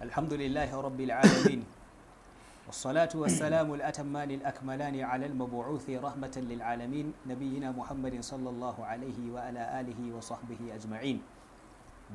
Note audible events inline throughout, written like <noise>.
Alhamdu الحمد لله رب العالمين والصلاة والسلام الأتمان الأكملان على المبعوث رحمة للعالمين نبينا محمد صلى الله عليه وعلى آله وصحبه أجمعين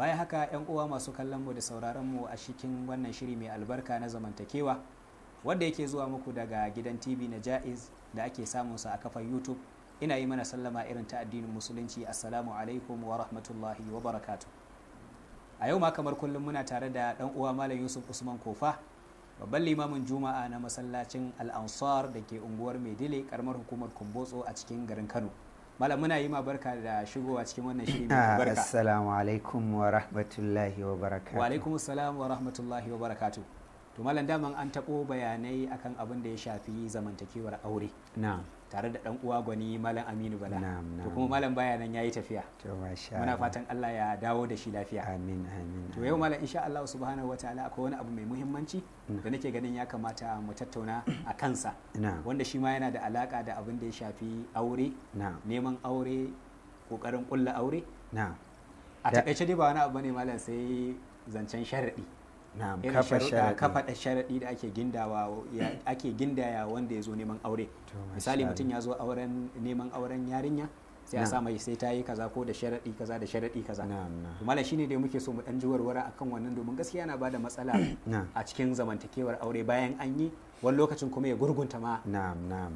baya haka 'yan uwa masu kallon mu da sauraron mu a cikin wannan shiri mai albarka na zamantakewa wanda yake zuwa muku daga gidan tv na ja'iz da ake samun su a kafa youtube ina yi mana sallama irin ta addinin musulunci assalamu alaikum wa rahmatullahi wa barakatu. a yau ma kamar kullum muna tare da dan uwa malam yusuf usman kofa babban limamin juma'a na masallacin al'ansar da ke unguwar maidile karamar hukumar kumbotso a cikin garin kano malam muna yi ma barka da shigowa cikin wannan shiri mai ah, barka assalamu alaikum wa rahmatullahi wa barakatuh wa alaikum assalam wa rahmatullahi wa barakatuh to malam daman an tabo bayanai akan abin da ya shafi zamantakewar aure na'am tare da dan uwa gwani malam aminu bala to kuma malam baya nan yayi tafiya muna fatan allah ya dawo da shi lafiya amin amin to yau malam insha allah subhanahu wataala akwai wani abu mai muhimmanci da nake ganin ya kamata mu tattauna a kansa wanda shi ma yana da alaka da abin da ya shafi aure neman aure kokarin kulla aure a takaice dai ba wani abu ne malam sai zancen sharaɗi kafa sharaɗi da ake gindawa hmm. ake gindaya wanda ya zo neman aure misali mutum ya zo auren neman auren yarinya sai a sa mai sai ta yi kaza ko da sharaɗi kaza da sharaɗi kaza shi ne da muke so mu ɗan dan juwarwara akan wannan domin gaskiya na bada matsala a cikin zamantakewar aure bayan an yi wani lokacin kuma ya gurgunta ma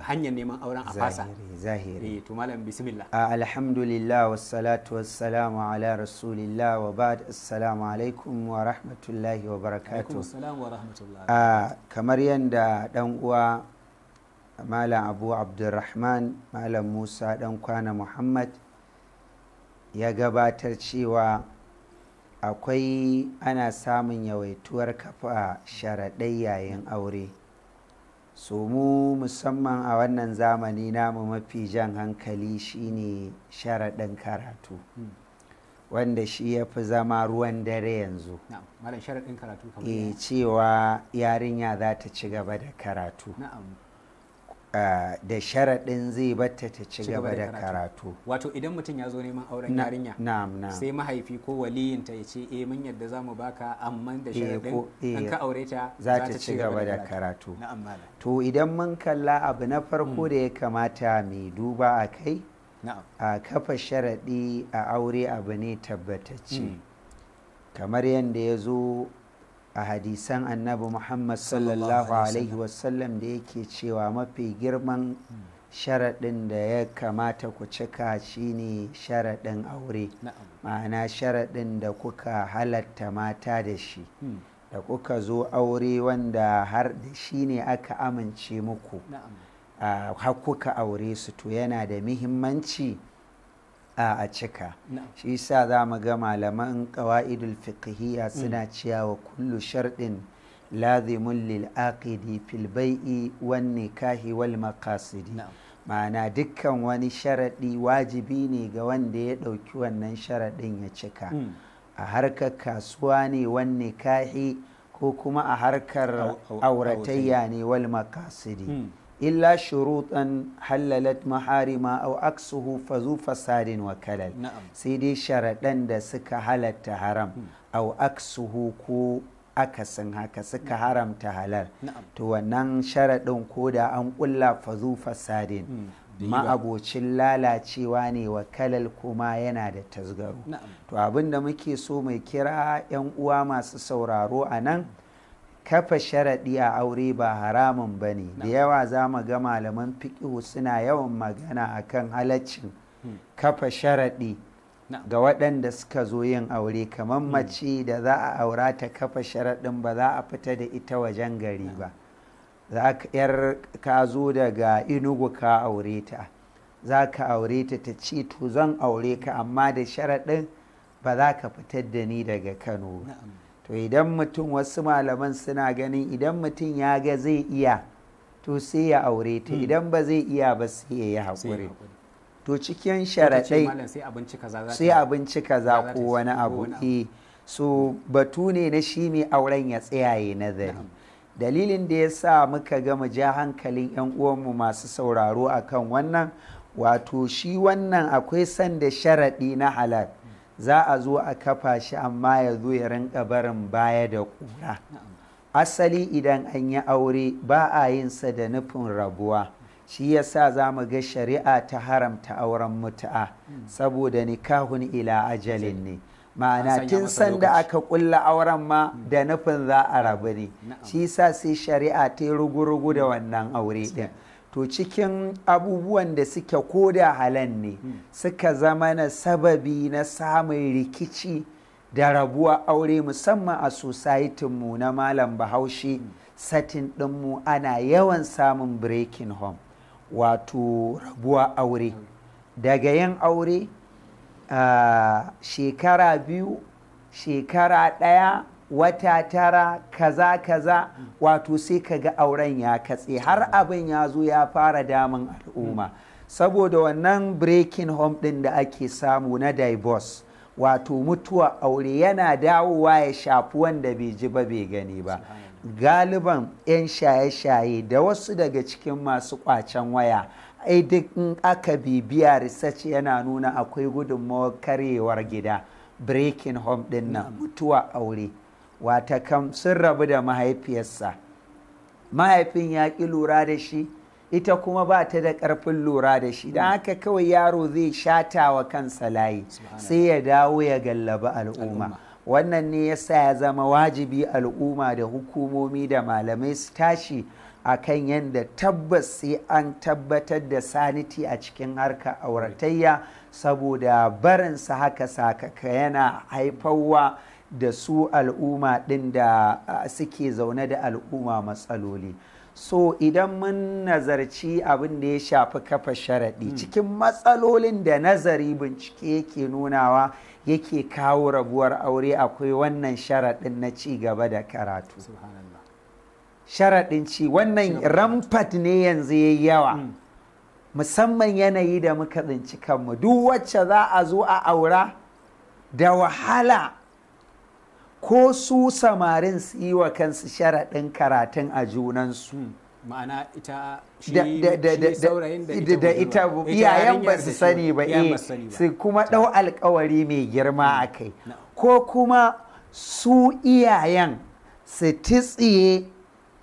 hanyar neman auren a fasa zahiri eh, to malam bismillah alhamdulillah wassalatu wassalamu ala rasulillah wa ba'd assalamu alaikum wa rahmatullahi wa barakatuh kamar yadda dan uwa malam abu abdurrahman malam musa dan kwana muhammad ya gabatar cewa akwai ana samun yawaituwar kafa sharaɗai yayin aure so mu musamman a wannan zamani namu mafi jan hankali shine sharaɗin karatu hmm. wanda shi ya fi zama ruwan dare yanzu e cewa yarinya za ta ci gaba da karatu da sharaɗin zai batta ta ci gaba da karatu wato idan mutum ya zo neman auren yarinya sai mahaifi ko waliyin ta ya ce e mun yadda za mu baka amma da eh, sharaɗin an eh, ka aure ta za ta ci gaba da karatu to idan mun kalla abu na farko hmm. da ya kamata mai duba a kai a kafa sharaɗi a aure abu ne tabbatacce hmm. kamar yadda ya zo a hadisan annabi muhammad sallallahu alaihi wasallam da yake cewa mafi girman sharaɗin da ya kamata ku cika shine sharaɗin aure ma'ana sharaɗin da kuka halatta mata da shi hmm. da kuka zo aure wanda har da shi ne aka amince muku ah, har kuka aure su to yana da muhimmanci a cika shi sa za mu ga malaman ƙawa'idul fiqhiyya suna mm. ciyawa kullu sharɗin lazimun lil aqidi fil bai'i wan nikahi wal maqasidi ma'ana dukkan wani sharaɗi wajibi ne ga wanda ya ɗauki wannan sharaɗin ya cika mm. a harkar kasuwa ne wan nikahi ko kuma a harkar auratayya ne wal maqasidi mm. illa shurutan halalat maharima au aksuhu fazu fasadin wa kalal sai dai sharaɗan da suka halarta haram au aksuhu ko akasin haka suka haramta halar. to wannan sharaɗin ko da an ƙulla fazu fasadin ma'abocin lalacewa ne wa kalal kuma yana da tasgaro to abin da muke so mu kira 'yan uwa masu sauraro a nan kafa sharaɗi a aure ba haramun ba ne da yawa za mu ga malaman fiƙihu suna yawan magana a kan halaccin hmm. kafa sharaɗi ga waɗanda suka zo yin aure kamar hmm. mace da za a aura ta kafa sharaɗin ba za a fita da ita wajen gari ba za ka yar ka zo daga inugu ka aure ta za ka aure ta ta ce to zan aure ka amma da sharaɗin ba za ka fitar da ni daga kano ba to idan mutum wasu malaman suna ganin idan mutum ya ga zai iya to sai ya aure ta hmm. idan ba zai iya ba sai ya yi haƙuri to cikin sharaɗai sai abinci kaza ko wani abu eh so batu ne na shi mai auren ya tsayaye nazari dalilin da ya sa muka gama ja hankalin 'yan uwanmu masu sauraro akan wannan wato shi wannan akwai sanda sharaɗi na halal za a zo a kafa shi amma ya zo ya rinka barin baya da ƙura asali idan an yi aure ba a yin sa da nufin rabuwa shi yasa za mu ga shari'a ta haramta auren mutu'a saboda nikahun ila ajalin ne ma'ana tun sanda aka kulla auren ma da nufin za a rabu ne shi yasa sai shari'a ta yi rugu-rugu da wannan aure din to cikin abubuwan da suke koda halan ne hmm. suka zama na sababi na samun rikici da rabuwa aure musamman a mu na malam bahaushe hmm. satin ɗinmu ana yawan samun breaking home wato rabuwa aure hmm. daga yin aure ah, shekara biyu shekara ɗaya wata tara kaza kaza wato sai ka ga auren ya katse har abin ya zo ya fara damun al'umma saboda wannan breaking home ɗin da ake samu na divorce wato mutuwa aure yana dawowa ya shafi wanda bai ji ba bai gani ba galiban 'yan shaye-shaye da wasu daga cikin masu kwacen waya ai duk in aka bibiya research yana nuna akwai gudunmawar karyewar gida breaking home ɗin nan mutuwa aure wata kam sun rabu da mahaifiyarsa mahaifin ya ƙi lura da shi ita kuma ba ta da ƙarfin lura da shi don haka kawai yaro zai shata wa kansa layi sai ya dawo ya gallaba al'umma wannan ne ya sa ya zama wajibi al'umma da hukumomi da malamai su tashi a kan yadda tabbas sai an tabbatar da saniti a cikin harkar auratayya saboda barinsa haka sakaka yana haifarwa da su al'umma ɗin da suke zaune da al'umma matsaloli so idan mun nazarci abin da ya shafi kafa sharaɗi hmm. cikin matsalolin da nazari bincike yake nunawa yake kawo rabuwar aure akwai wannan sharaɗin na ci gaba da karatu sharaɗin ci wannan ramfat ne yanzu ya yawa hmm. musamman yanayi da muka tsinci kanmu duk wacce za a zo a aura da wahala ko su samarin su yi wa kansu sharaɗin karatun a junansu ma'ana ita shi da ita iyayen eh, ba su sani ba su kuma ɗau alkawari mai girma a kai ko kuma su iyayen su titsiye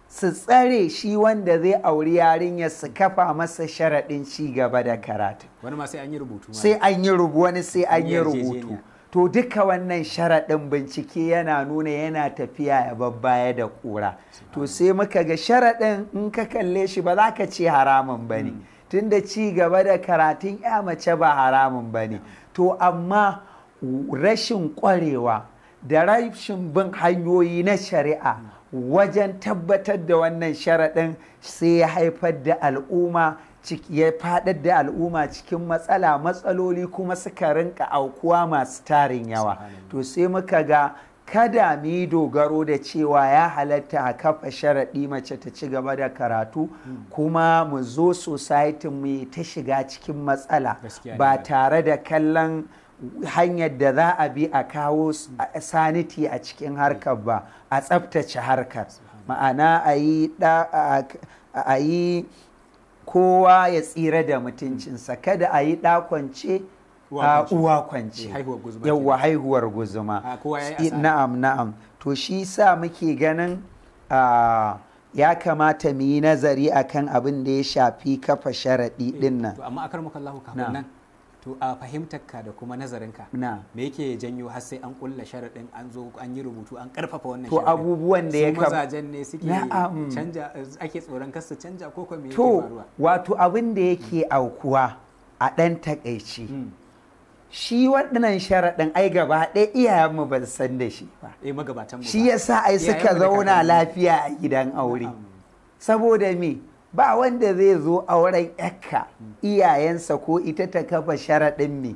su tsare shi wanda zai auri yarinya su kafa masa sharaɗin cigaba gaba da karatu wani ma sai an yi rubutu sai an yi rubutu wani sai an yi rubutu to duka wannan sharaɗin bincike yana nuna yana tafiya ya babbaya da ƙura to sai muka ga sharaɗin in ka kalle shi ba za ka ce haramun ba ne mm. da ci gaba da karatun ya mace ba haramun ba ne to amma rashin ƙwarewa da rashin bin hanyoyi na shari'a mm. wajen tabbatar da wannan sharaɗin sai ya haifar da al'umma ya faɗar da al'umma cikin matsala matsaloli kuma suka rinka aukuwa masu tarin yawa to sai muka ga kada mu yi dogaro da cewa ya halatta a kafa sharaɗi mace ta ci gaba da karatu hmm. kuma mu zo society mu ta shiga cikin matsala ba tare da kallon hanyar da za a bi a kawo hmm. saniti a cikin harkar ba a tsaftace harkar ma'ana a yi kowa ya tsira da mutuncinsa kada a yi ɗakwance uwa kwance yawwa eh, haihuwar guzuma na'am na'am to shi sa muke ganin ya kamata mu yi nazari akan abin da ya shafi kafa sharaɗi eh, ɗin nan to a fahimtarka da kuma nazarinka na me yake janyo har sai an kulla sharaɗin an zo an yi rubutu an karfafa wannan to abubuwan da ya kam mazajen ne suke canja ake tsoron kasa canja ko kuma me yake faruwa wato abin da yake aukuwa a dan takaici hmm. shi waɗannan sharaɗin ai gaba ɗaya mu ba san da shi ba eh, shi yasa ai suka zauna lafiya a gidan aure saboda me ba wanda zai zo auren yakka iyayensa ko ita ta kafa sharaɗin me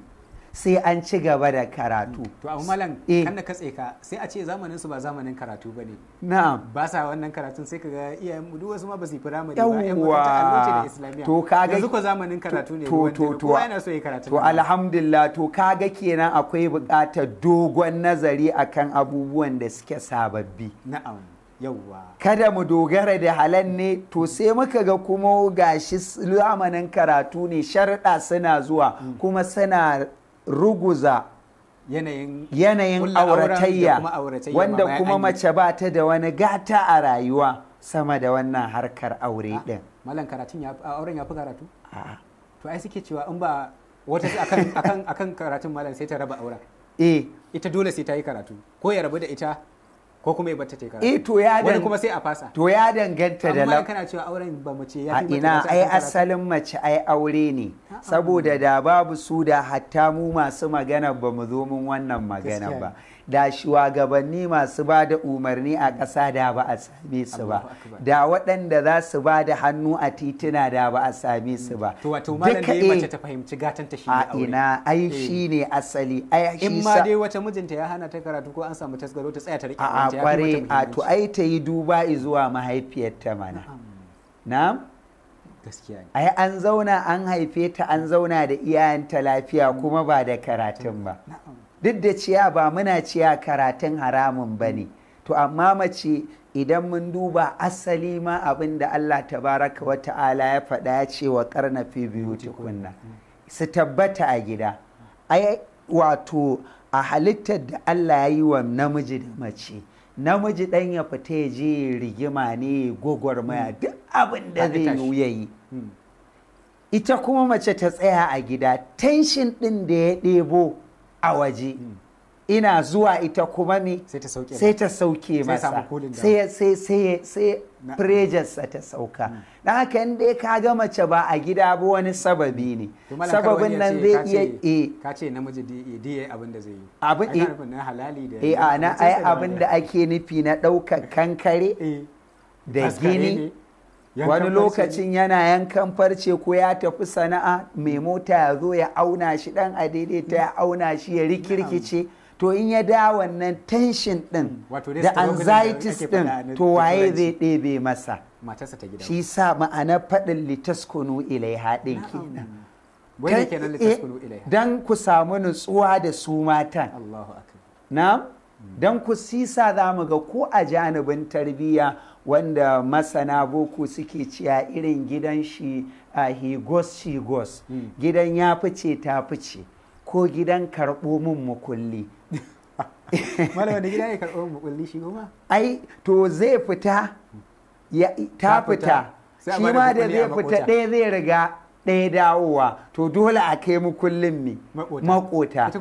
sai an ci gaba da karatu. To amma malam eh. kan da katse ka sai a ce zamanin su ba zamanin karatu ne. Na'am. Ba sa wannan karatun sai kaga iyayen mu duk wasu ma ba su yi firamare ba ƴan makaranta da Islamiyya. To kaga yanzu ko zamanin karatu ne to yana so yi karatu. To alhamdulillah to kaga kenan akwai bukatar dogon nazari akan abubuwan da suke sababbi. Na'am. yauwa kada mu dogara da halan ne to sai muka ga kuma gashi zamanin karatu ne sharda suna zuwa mm. kuma suna ruguza yanayin auratayya wanda kuma mace ba ta da wani gata a rayuwa sama da wannan harkar aure din malam karatun ya auren ya fi karatu to ai suke cewa in ba wata akan akan karatun malam sai ta raba aura eh ita dole sai ta yi karatu ko ya rabu da ita ko kuma ibata ta karatu eh to ya wani kuma sai a fasa to ya danganta da amma kana cewa auren ba mace ya fi ina ai asalin mace ai aure ne saboda da babu su da hatta mu masu magana ba mu zo mun wannan magana ba da shugabanni masu ba da umarni a ƙasa da ba a same su ba da waɗanda za su ba da hannu a tituna da ba a same su ba to wato malam da mace eh. ta fahimci gatan ta shi a ina ai eh. shi ne asali ai shi in ma dai wata mijinta ya hana ta karatu ko an samu tasgaro ta tsaya ta rike a kware a to ai ta yi duba zuwa mahaifiyarta mana na'am gaskiya ai an zauna an haife ta an zauna da iyayenta lafiya kuma ba da karatun ba na'am duk da ciya ba muna ciya karatun haramun ba ne to amma mace idan mun duba asali ma abin da Allah baraka wa ta'ala ya faɗa ya ce wa karna fi tukunna su tabbata a gida ai wato a halittar da Allah ya yi wa namiji da mace namiji ɗan ya fita ya je rigima ne maya hmm. duk abin da zai yi ya yi hmm. ita kuma mace ta tsaya a gida tenshin ɗin da ya ɗebo a waje hmm. ina zuwa ita kuma ne. sai ta sauke masa sai prejarsa ta sauka hmm. Na haka inda dai ka ga mace ba a gida ba wani sababi ne sababin nan zai iya e ka ce namiji da eh, ya abin da zai yi abin e na halali da a na ai abin da ake nufi na ɗaukar <laughs> kankare da gini wani lokacin yana yankan farce ko ya tafi sana'a mai mota ya zo ya auna shi dan a daidai ta ya auna shi ya rikirkice to in ya da wannan tension din da anxieties din to waye zai ɗebe masa shi sa ma'ana faɗin litaskunu ilaiha haɗin kenan eh, dan ku samu nutsuwa da su matan na hmm. dan ku sisa za mu ga ko a janibin tarbiyya wanda masana boko suke ciya irin gidan shi a higos shigos hmm. gidan ya fice ta fice ko gidan karɓo mun mukulli <laughs> malamin da gidan ya karɓo mukulli shi goma ai to zai fita ta fita shi ma da zai fita ɗaya zai riga ɗaya dawowa to dole a kai mu kullum mi makota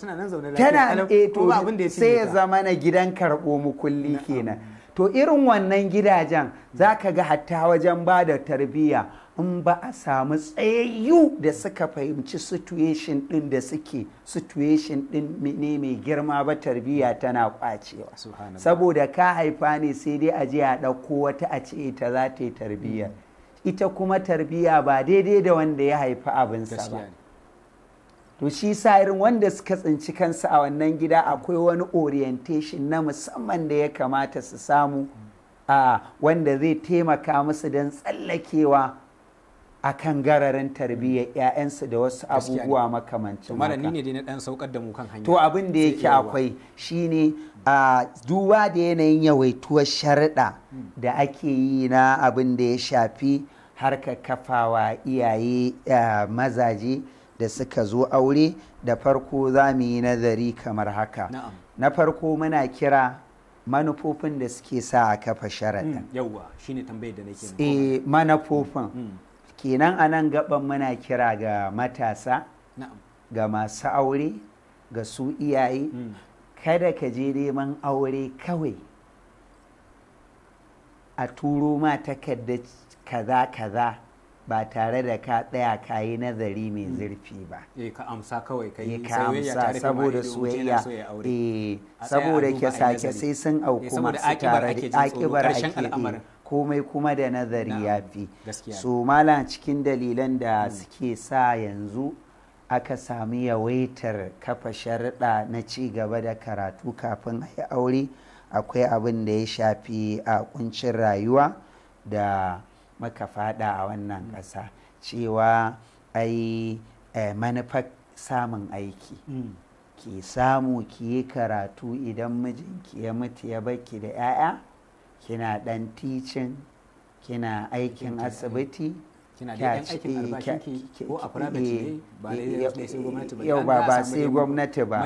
tana nan zaune lafiya tana eh sai ya zama na gidan karɓo mu kulli kenan to irin wannan gidajen za ka ga hatta wajen ba da tarbiyya in ba a samu tsayayyu da suka fahimci situation ɗin da suke situation ɗin ne mai girma ba tarbiyya tana kwacewa saboda ka haifa ne sai dai a je a ɗauko wata a ce ita za ta yi tarbiyya mm. ita kuma tarbiyya ba daidai da wanda ya haifi abinsa ba to shi sa irin wanda suka tsinci kansu a wannan gida akwai wani orientation na musamman da ya kamata su samu a wanda zai taimaka musu don tsallakewa a kan gararin tarbiyyar 'ya'yansu da wasu abubuwa makamancin maka. ni ne na ɗan saukar da mu kan To abin da yake akwai shine a duba da yanayin yawaituwar sharaɗa hmm. da ake yi na abin da ya shafi harka kafawa iyaye mazaje. da suka zo aure da farko za mu yi nazari kamar haka na farko muna kira manufofin da suke sa a kafa sharaɗin hmm, yauwa shine tambayar da nake eh manufofin hmm. kenan a nan gaban muna kira ga matasa ga masu aure ga su iyaye hmm. kada ka je neman aure kawai a turo ma takardar kaza kaza ba tare da ka tsaya ka yi nazari mai mm. zurfi ba. Eh, ka amsa kawai ka yi eh, amsa saboda soyayya eh, saboda sake sai sun auku masu tare da akibar ake komai kuma da nazari ya fi so cikin dalilan da mm. suke sa yanzu aka sami yawaitar kafa sharaɗa na ci gaba da karatu kafin a yi aure akwai abin da ya shafi a kuncin rayuwa da muka fada a wannan mm. ƙasa cewa ai eh, manufar samun aiki mm. ki samu ki yi karatu idan mijinki ya mutu ya baki da 'ya'ya kina ɗan ticin kina aikin eh. asibiti kina da yan aikin eh, albashinki ko a private ne eh, ba da eh, sai gwamnati ba yau ba ba sai gwamnati ba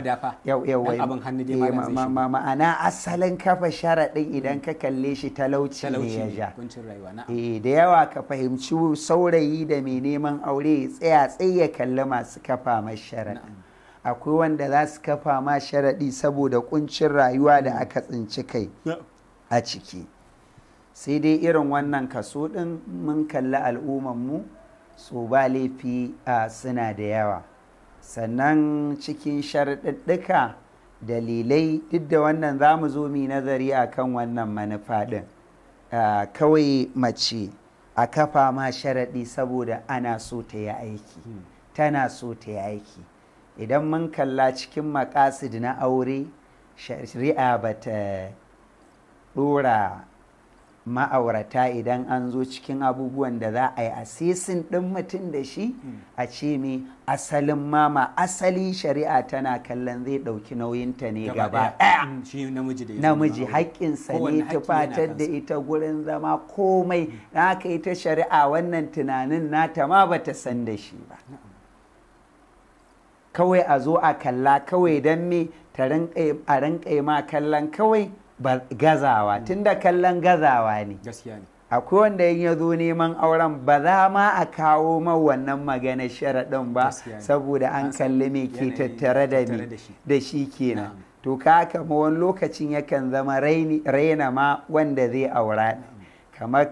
yau yau wai abin hannu dai ma ma'ana asalin kafa sharadin hmm. idan ka kalle shi talauci ne ya ja eh da yawa ka fahimci saurayi da mai neman aure tsaya tsaye kalli masu kafa mashi akwai wanda za su kafa ma sharaɗi saboda kuncin rayuwa da hmm. aka tsinci kai a ciki sai dai irin wannan kaso ɗin mun kalli al'ummanmu su ba laifi a suna da yawa sannan cikin sharaɗaɗɗuka dalilai duk da wannan za mu zo mu nazari a kan wannan manufa ɗin kawai mace a kafa ma sharaɗi saboda ana so ta yi aiki tana so ta yi aiki idan mun kalla cikin makasid na aure shari'a ba ta ɗora ma'aurata idan an zo cikin abubuwan da za a yi asisin ɗin mutum da shi a ce mi asalin mama asali shari'a tana kallon zai ɗauki nauyinta ne gaba mm, namiji haƙƙinsa ne tufatar da ita gurin zama komai na aka ta shari'a wannan tunanin nata ma bata san da shi ba kawai a zo a kalla kawai don me a rinƙa ma kallon kawai gazawa mm. tun da kallon gazawa ne akwai wanda ya zo neman auren ba za ma a kawo ma wannan magana sharaɗin ba saboda an kalli me ke tattare da da shi kenan to ka kama wani lokacin yakan zama raina ma wanda zai aura kamar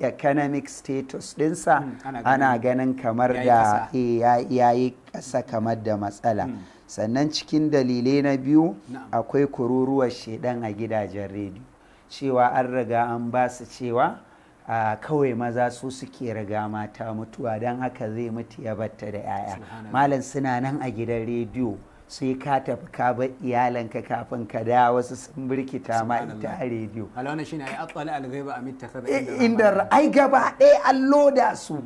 economic status dinsa mm, ana ganin kamar da eh, ya yi ƙasa kamar da matsala mm. sannan cikin dalilai na biyu akwai kururuwar shaidan a gidajen rediyo cewa an riga an ba su cewa a kawai maza su suke riga mata mutuwa don haka zai mutu ya batta da 'ya'ya malam suna nan a gidan rediyo sai ka tafi ka bar iyalanka kafin ka da wasu sun birkita ma ita a rediyo. shi ne inda eh, ai gaba ɗaya an loda su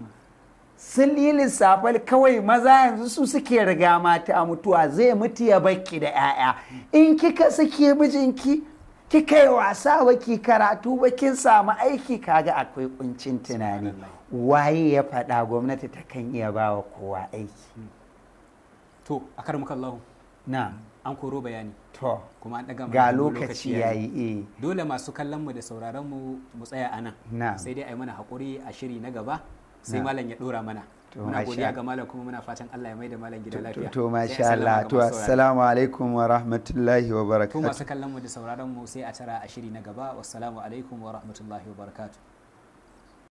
sun yi lissafal kawai maza yanzu su suke riga mata mutuwa zai mutu ya baki da 'ya'ya in kika suke mijinki kika yi wasa baki karatu bakin samu aiki kaga akwai kuncin tunani waye ya faɗa gwamnati ta kan iya ba wa kowa aiki to a kar muka na an koro bayani to kuma an daga ga lokaci ya yi. Eh. dole masu kallon da sauraron mu mu tsaya anan sai dai a yi mana haƙuri a shiri na gaba sai malam ya dora mana muna godiya ga malam kuma muna fatan Allah ya maida malam gida lafiya to masha Allah to assalamu alaikum wa rahmatullahi wa barakatuh to masu kallon mu da sauraron mu sai a tara a shiri na gaba wassalamu alaikum wa rahmatullahi wa barakatuh